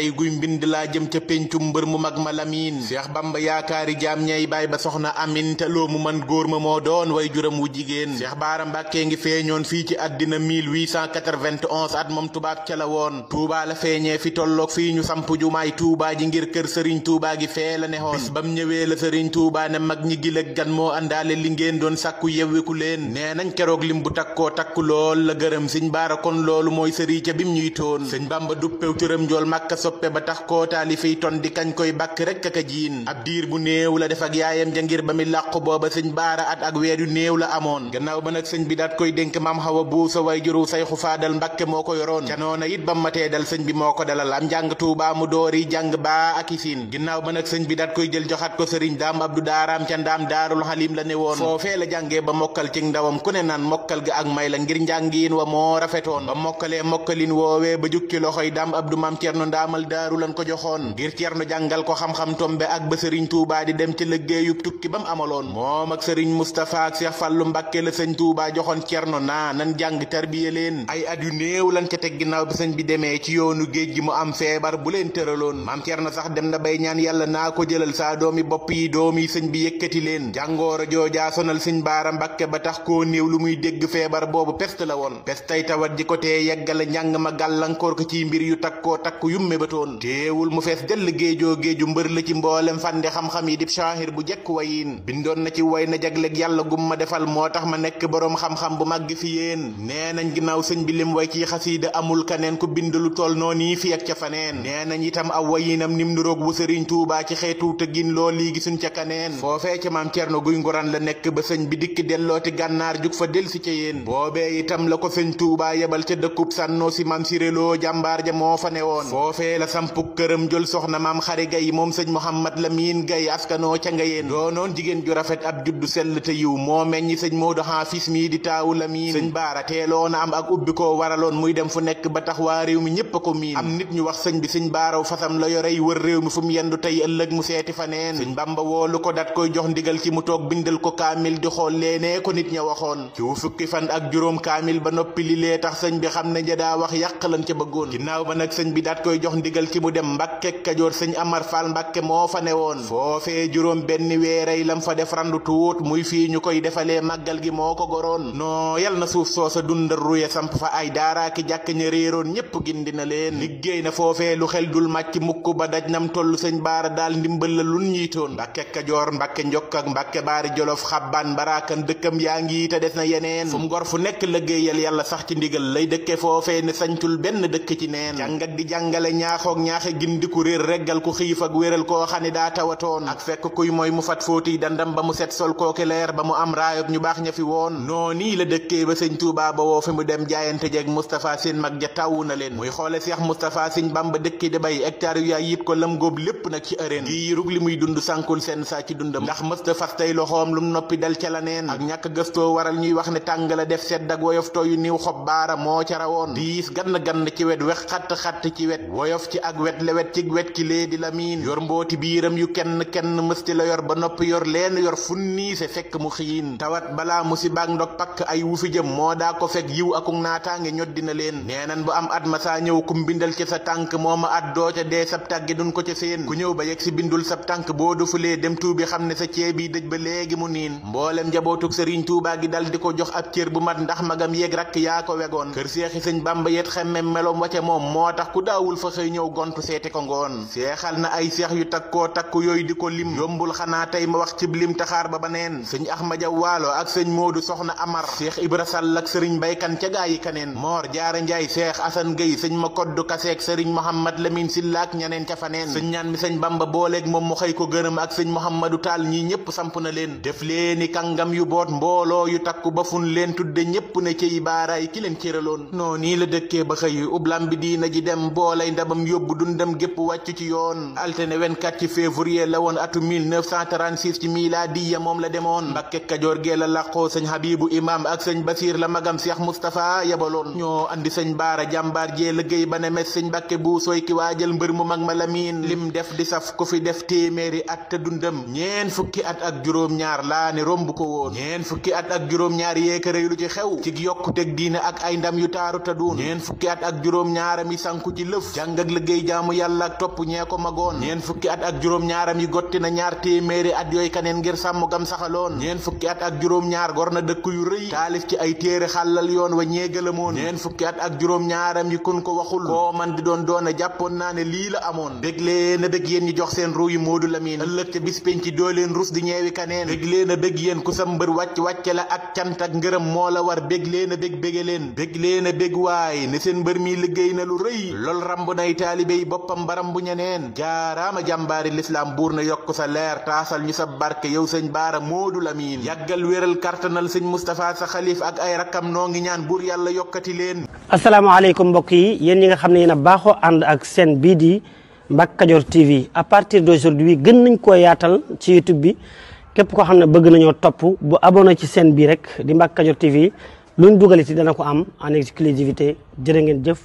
ay guy mbind laa jëm ca péncum mbër mu mag ma lamin Cheikh Bamba yaakaari jaam ñay baay ba soxna Aminta loo mu man góor ma moo doon way juram wu jigéen Baara Mbàkke ngi feeñoon fii ci àddina 1891 at moom tubaab ca la woon Touba la feeñee fi tolloog fii ñu samp jumaay tuubaa ji ngir kër Serigne tuubaa gi fee la nexoon bis bam ñëwee la Serigne Touba ne mag ñi gilëg gan moo àndaale li ngeen doon sàkku yewwiku leen nee nañ keroog lim bu takkoo takku lool la gërëm Sëñ Baara kon loolu mooy sëri ca bim ñuy toon Sëñ Bamba duppew cëram njool Makka soppe ba tax koo taalifiy ton di kañ koy bakk rek aka jiin ab diir bu néew la def yaayam ja ba mi làqu booba sëñ baara at ak weer yu néew la amoon gannaaw ba nag sëñ bi daat koy dénk maam xawa buusa way juru sayxu faadal mbàkke moo ko yoroon ca noona it ba matee dal sëñ bi moo ko dalal am njàng tuubaa mu doori jàng baa ak isiin ba nag sëñ bi daat koy jël joxaat ko sëriñ daam abdu daaraam ca ndaam daarul xalim la ne woon foofee la jàngee ba mokkal ci ndawam ne naan mokkal ga la ngir njàngiin wa moo rafetoon ba mokkalee mokkalin woowee ba jukki amal daru lan ko joxon ngir tierno jangal ko xam-xam tombe ak ba serigne Touba di dem ci liggéeyub tukki bam amalon mom ak serigne Mustapha ak Cheikh Fallu Mbàkke le serigne Touba joxon tierno na nan jang tarbiye len ay adu yu lan ca tek ginaaw bi serigne bi deme ci yoonu mu am febar bu len teralon mam tierno sax dem na bay ñaan yalla na ko jëlal sa doomi bop yi doomi serigne bi yëkkati len jangoro jojja sonal serigne baara Mbàkke ba tax ko néew lu muy deg febar bobu peste la woon tay tawat di ko tee yeggale ma galankor ko ci mbir yu takko takku yumme mébétoon téewul mu fees dell géejoo géeju mbër la ci mboolem fànni xam-xam yi di shaahir bu jekk wayin bindoon na ci way na jagleeg yàlla gum ma defal moo tax ma nekk boroom xam-xam bu màgg fi yéen nee nañ ginnaaw sëñ bi lim way ci xasiida amul kaneen ku bind lu toll noonu fi ak ca faneen nee nañ itam aw wayinam nim nuroog bu sëriñ tuubaa ci xeetu tëggin loo lii gisuñ ca kaneen foofee ca maam Cerno guy nguraan la nekk ba sëñ bi dikk delloo dellooti gànnaar jug fa del si ca yéen boobee itam la ko sëñ tuubaa yebal ca dëkkub sànnoo si maam siréloo jàmbaar ja moo fa googee la sampuk këram jël soxna maam xari gay moom sëñ Mouhamad Lamine Gay askanoo ca ngayeen doonoon jigéen ju rafet ab juddu sell te yiw moo meññi sëñ Moodu Xaafis mii di taawu Lamine sëñ Baara teeloon a am ak ubbi koo waraloon muy dem fu nekk ba tax waa réew mi ñépp a ko miin am nit ñu wax sëñ bi sëñ baaraw fasam la yorey wër réew mi fu mu yendu tey ëllëg mu seeti fa neen sëñ Bamba woolu ko dat koy jox ndigal ci mu toog bindal ko kaamil di xool leenee ko nit ña waxoon ci fukki fan ak juróom ba noppi li lee tax sëñ bi xam ne ja daa wax yàq lan ca ndigal ki mu dem Mbàkke Kajoor sëñ Amar Fall mbakke moo fa ne woon foofee juróom benn weeray lam fa def randu tuut muy fii ñu koy defalee màggal gi moo ko goroon noo yal na suuf soo sa dundal ruye samp fa ay daaraaki ki jàkk ña réeroon ñépp gindi na leen liggéey na foofee lu xel dul màcc mukk ba daj nam toll sëñ baara daal ndimbal la lun ñiitoon Mbàkke Kajoor Mbàkke Njokk ak Mbàkke Baari Jolof xabbaan baraakan dëkkam yaa ngi te des na yeneen fu mu gor fu nekk liggéeyal yàlla sax ci ndigal lay dëkke foofee ne dëkk ñaaxoog ñaaxe gindi ku réer reggal ku xiif ak wéral koo xam ne daa tawatoon ak fekk kuy mooy mu fat fóotiy dandam ba mu set sol kooki leer ba mu am raayob ñu baax ña fi woon noo nii la dëkkee ba sëñ Tuubaa ba woo fi mu dem jaayante jeeg Moustapha Sine mag ja tàwu na leen muy xoole Seex Moustapha Sine Bamba dëkki di bay hectare yaay yit ko lam góob lépp nag ci ëreen gii li muy dund sànkul seen saa ci dundam ndax mës ta fas tey loxoom lum noppi dal ca la neen ak ñàkk gëstoo waral ñuy woyof ci ak wet le wet ci wet ki di lamiin yor mbooti biiram yu kenn kenn mësti yor ba noppi yor leen yor funniise fekk mu xiin tawat balaa musibaak ndog pakk ay wu fi jëm moo daa ko fekk yiw akuk naataange ñod na leen nee nan bu am at masaa ñëw kum bindal ci sa tànk moo ma at doo ca dee sab tàgge duñ ko ca seen ku ñëw ba yegg si bindul sab tànk boo dufulee dem tuubi xam ne sa ceeb bi dëj ba léegi mu niin mboolem njabootug sëriñ tuubaa gi dal di ko jox ab cër bu mat ndax magam yéeg rakk yaa ko wegoon kër seexi sëñ xëy ñëw gontu seeti ko ngoon seexal na ay seex yu takkoo takku yooyu di ko lim yombul xanaa tey ma wax cib lim taxaar ba baneen sëñ Ahmad Jaw Waalo ak sëñ Moodu Soxna Amar ak sëriñ Baykan ca gaa yi sëñ ma koddu kaseeg sëriñ Mohamad Lamin Silla ak ñaneen ca faneen sëñ ñaan mi sëñ Bamba booleeg moom mu xëy ko gërëm ak sëñ Mohamadu Taal ñii ñépp samp na leen def leeni kàngam yu boot mbooloo yu takku ba fun leen tudde ñépp ne ciy baaraay ki leen cëraloon noo nii la dëkkee ba xëy ublam bi diina ji dem boolay ndabam mom yobbu yóbbu dundam gep wàcc ci yoon altene 24 ci février la won atu 1936 ci ya mom la demone mbakke kadior ge la laqo seigne habibu imam ak seigne basir la magam cheikh mustapha yabalon ño andi seigne bara jambar je liggey ba ne mes bu soy ki waajal mbeur mu mag malamin lim def di saf ku fi def téeméeri at te dundam ñeen fukki at ak juróom ñaar la ni romb ko won ñeen fukki at ak juróom ñaar yeeka rëy lu ci xew ci tek diina ak ay ndam yu taru ta dun ñeen fukki at ak juróom mi sanku ci leuf jàng ak liggéey jaamu yàlla ak topp ñee ko magoon ñeen fukki at ak juróom-ñaaram yi gotti na ñaar téeméeri at yooyu kaneen ngir sàmm gam saxaloon ñeen fukki at ak juróom-ñaar gor na dëkk yu rëy taalif ci ay téere xàllal yoon wa ñeegalamoon ñeen fukki at ak juróom-ñaaram yi kon ko waxul koo man di doon doona jàppoon naa ne lii la amoon déglee na dëgg yéen ñu jox seen ruu yi moodu lamin ëllëg ca bis penc doo leen rus di ñeewi kaneen déglee na dëgg yéen ku sa mbër la ak cant ak ngërëm moo la war béglee na bég bége leen béglee na bég waay ne seen na taalibe yi boppam baram bu ñeneen jaaraama jàmbaari lislaam buur na yokk sa leer taasal ñu sa barke yow sëñ baara moodu lamin yàggal wéral kartanal sëñ moustapha sa xalif ak ay rakkam noo ngi ñaan buur yàlla yokkati leen asalaamaaleykum mbokk yi yéen ñi nga xam ne yéen a baaxoo ànd ak seen bii di Mbacke Kadior TV a partir de d'aujourd'hui gën nañ ko yaatal ci YouTube bi képp koo xam ne bëgg nañoo topp bu abonné ci seen bii rek di Mbacke Kadior TV luñ dugal ci dana ko am en exclusivité jërë ngeen